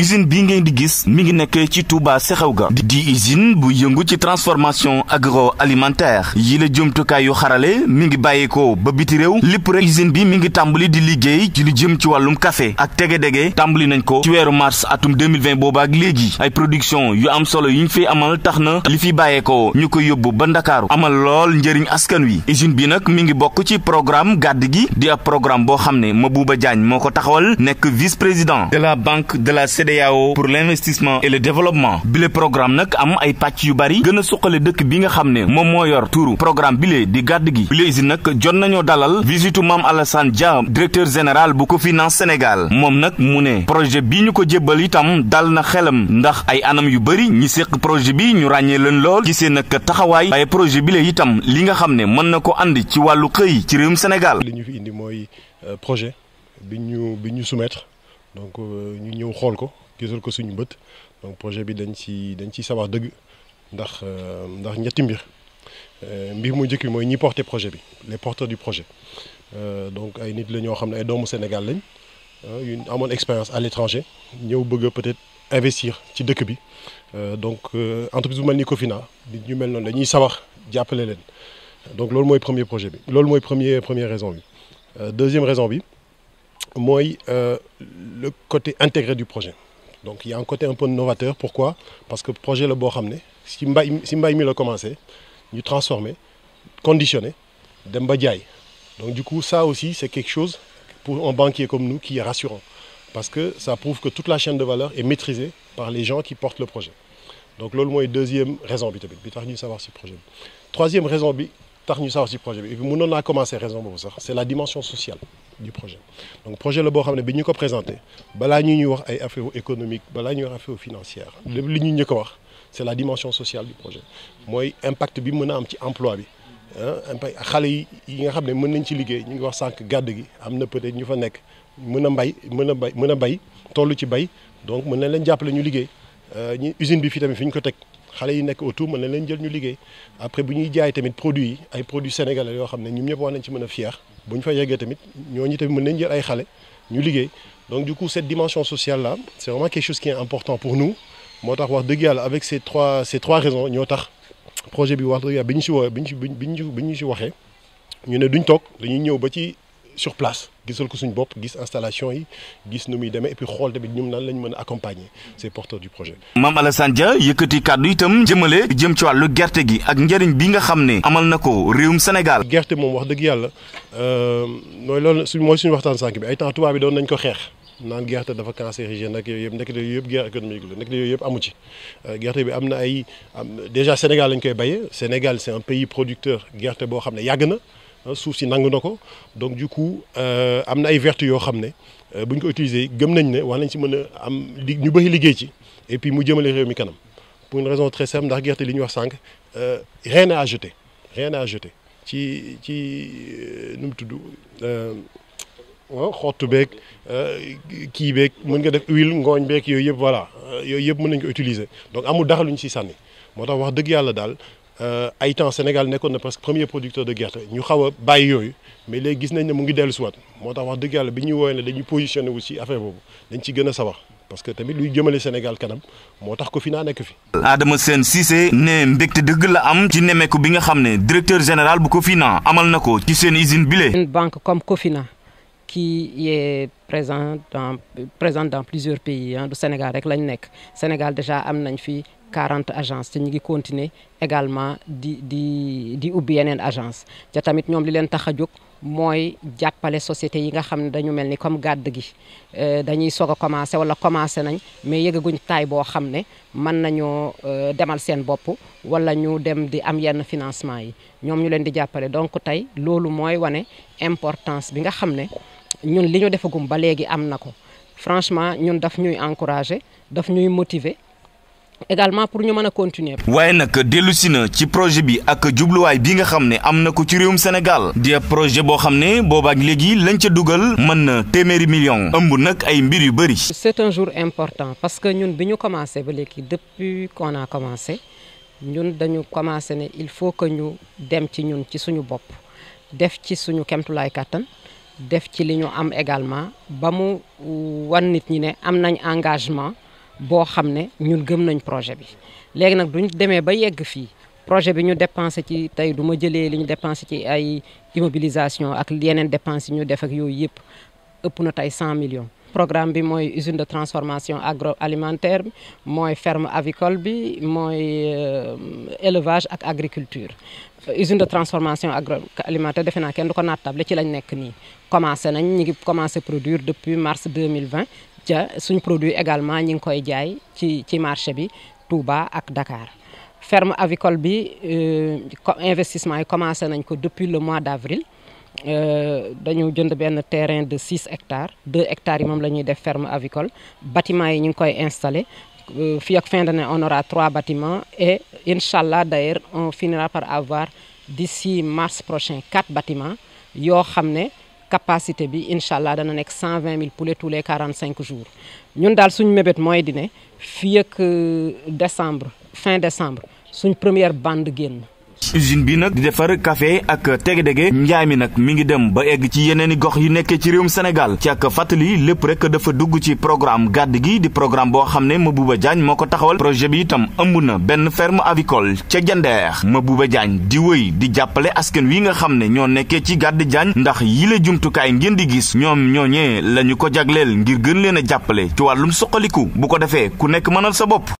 usine bii ngeen di gis mi ngi nekk ci Touba Sexew ga di usine bu yëngu ci transformation agroalimentaire yi la jumtukaay yu xarale mi ngi bàyyeekoo ba biti réew lépp rek usine bi mi ngi tàmbali di liggéey ci lu jëm ci wàllum kafe ak tege-dege tàmbali nañ ko ci weeru mars atum 2020 booba ak léegi ay production yu am solo yu ñu fiy amal tax na li fi bàyyeekoo ñu ko yóbbu ba Ndakaaru amal lool njëriñ askan wi usine bi nag mi ngi bokk ci programme gàdd gi di ab programme boo xam ne Mabouba Diagne moo ko taxawal nekk vice président CEDEAO pour l'investissement et le développement bile programme nag am ay pàcc yu bari gën a suqale dëkk bi nga xam ne moom moo yor programme bile di gàdd gi bile si nag jot nañoo dalal visitu Mame Alassane Dia directeur général bu ko Cofinance Sénégal moom nag mu ne projet bi ñu ko jébbal itam dal na xelam ndax ay anam yu bari ñi séq projet bi ñu ràññee leen lool gisee nag taxawaay waaye projet bile itam li nga xam ne mën na ko ànd ci wàllu xëy ci réewum Sénégal li ñu fi indi mooy euh, projet bi ñu donc euh, ñu ñëw xool ko gisal ko suñu bët donc projet bi dañ ci dañ ciy sawax dëgg ndax euh, ndax ñetti mbir euh, mbir mu njëkk bi mooy ñi porté projet bi les porteur du projet donc ay nit la ñoo xam ne ay doomu Sénégal lañ yu amoon expérience à l'étranger ñëw bëgg a peut-être investir ci dëkk bi donc entreprise bu mel ni Cofina nit ñu mel noonu dañuy sawax jàppale leen donc loolu mooy premier projet bi loolu mooy premier première raison bi deuxième raison bi mooy euh, le côté intégré du projet donc il y a un côté un peu novateur pourquoi parce que projet la boo xam ne si mbay si mbay mi la commencé ñu transformer conditionner de ba jaay donc du coup ça aussi c'est quelque chose pour un banquier comme nous qui est rassurant parce que ça prouve que toute la chaîne de valeur est maîtrisée par les gens qui portent le projet donc loolu mooy deuxième raison bi tamit bi tax ñuy savoir si projet bi troisième raison bi tax ñu sawar ci projet bi et puis mënoon naa commencer raison boobu sax c'est la dimension sociale du projet donc projet la boo xam ne bi ñu ko présenté balaa ñu ñuy wax ay affaire économique balaa ñu wax affaire financière lépp li ñu njëkk a wax c'est la dimension sociale du projet mooy impact bi mën a am ci emploi bi impact xale yi yi nga xam ne mën nañ ci liggéey ñu ngi wax sànq gàdd gi am na peut-être ñu fa nekk mën a mbay mën a bay mën a bay toll ci bay donc mën nañ lañ jàppale ñu liggéey euh, ñu usine bi fii tamit fi ñu ko teg xale yi nekk autour mën na leen jël ñu liggéey après bu ñuy jaay tamit produits yi ay produits sénégalais yoo xam ne ñun ñëpp war nañ ci mën a fier bu ñu fa yeggee tamit ñooñu tamit mën nañ jël ay xale ñu liggéey donc du coup cette dimension sociale là c'est vraiment quelque chose qui est important pour nous moo tax wax dëgg yàlla avec ces trois ces trois raisons ñoo tax projet bi wax dëgg yàlla bi ñu si wo bi ñu si bi ñu si waxee ñu ne duñ toog dañuy ñëw ba ci sur place gisal ko suñ bopp gis installation yi gis nu muy demee et puis xool tamit ñoom naan lañ mën a accompagner ces porteurs du projet. Mame Alassane Dia yëkkati kàddu itam jëmale jëm ci wàllu gerte gi ak njëriñ bi nga xam ne amal na ko réewum Sénégal. gerte moom wax dëgg yàlla euh, mooy loolu suñ mooy suñu waxtaan sànq bi ay temps tubaab bi doon nañ ko xeex. naan gerte dafa cancérigène nag yooyu yëpp nekk na yooyu yëpp guerre économique la nekk na yooyu yëpp amu ci euh, gerte bi am na ay déjà Sénégal lañ koy béyee Sénégal c'est un pays producteur gerte boo xam ne yàgg na Euh, suuf si nangu na ko donc du coup euh, am na ay vertu yoo xam ne euh, buñ ñu ko utiliser gëm nañ ne wax nañ si mën a am li ñu bëri liggéey ci et puis mu jëmale réew mi kanam pour une raison très simple ndax gerte li ñuy wax sànq rien n'est à jeter ci ci nu mu tudd waaw oh, xottu beeg kii beeg mën nga def huile ngooñ beek yooyu yëpp voilà yooyu yëpp mën nañ ko utiliser donc amul dara lu ñu si sànni moo tax wax dëgg yàlla daal Euh, ay temps Sénégal nekkoon na presque premier producteur de gerte ñu xaw a bàyyi yooyu mais léegi gis nañ ne mu ngi dellu siwaat moo tax wax dëgg yàlla bi ñuy woowee ne dañuy positionné wu ci affaire boobu dañ ci gën a sawar parce que tamit luy jëmale Sénégal kanam moo tax ko fi naa nekk fi. Adama Sène Cissé ne mbégte dëgg la am ci nemmeeku bi nga xam ne directeur général bu Cofina amal na ko ci seen usine bile. une banque comme Cofina qui est présente dans présente dans plusieurs pays du Sénégal rek lañ nekk Sénégal déjà am nañ fi. 40 agences te ñu gi continuer également di di di ubbi yeneen agence te tamit ñoom li leen tax a jóg mooy jàppale société yi nga xam ne dañu mel ni comme gàdd gi euh, dañuy sog a commencé wala commencé nañ mais yëgaguñ taay boo xam ne mën nañoo euh, demal seen bopp wala ñu dem di am yenn financement yi ñoom ñu leen di jàppale donc tey loolu mooy wane importance bi nga xam ne ñun li ñu defagum ba léegi am na ko franchement ñun daf ñuy encourager daf ñuy motiver également pour ñu mën a continuer. waaye nag dellu na ci projet bi ak jubluwaay bi nga xam ne am na ko ci réewum Sénégal di projet boo xam ne boobaak léegi lañ ca dugal mën na téeméeri million ëmb nag ay mbir yu bëri. c'est un jour important parce que ñun bi ñu commencé ba léegi depuis kon a commencé ñun dañu commencé ne il faut que ñu dem ci ñun ci suñu bopp def ci suñu kemtulaay kàttan def ci li ñu am également ba mu wan nit ñi ne am nañ engagement. boo xam ne ñun gëm nañ projet bi léegi nag duñ demee ba yegg fii projet bi ñu dépensé ci tey du ma jëlee li ñu dépensé ci ay immobilisation ak yeneen dépenses yi ñu def ak yooyu yëpp ëpp na tey cent millions programme bi mooy usine de transformation agroalimentaire bi mooy ferme avicole bi mooy euh, élevage ak agriculture usine de transformation agroalimentaire defe naa kenn du ko naat nattable ci lañ nekk nii commencé nañ ñu ngi commencé produire depuis mars 2020 ja suñ produit également ñi ngi koy jaay ci ci marché bi Touba ak Dakar ferme avicole bi euh, investissement yi commencé nañ ko depuis le mois d' avril Euh, dañu jënd benn terrain de six hectares deux hectares yi moom la ñuy def ferme avicole bâtiment yi ñu ngi koy installé euh, fii ak ne d'année on aura trois bâtiments et inchallah d'ailleurs on finira par avoir d'ici mars prochain quatre yoo xam ne capacité bi incha allah dana nekk 120 000 poulets tous les 45 jours ñun daal suñu mébét mooy di ne fii ak euh, décembre fin décembre suñ première bande génn usine bi nag di defar kafe ak teg-dege njaay mi nag mi ngi dem ba egg ci yeneen i gox yu nekkee ci réewum Sénégal ci ak fàttali lépp rek dafa dugg ci programme gàdd gi di programme boo xam ne ma Mabouba Diagne moo ko taxawal projet bi itam ëmb na benn ferme avicole ca ma buuba Diagne di wëy di jàppale askan wi nga xam ne ñoo nekkee ci gàdd Diagne ndax yi la jumtukaay ngeen di gis ñoom ñooñee la ñu ko jagleel ngir gën leen a jàppale ci wàllum suqaliku bu ko defee ku nekk mënal sa bopp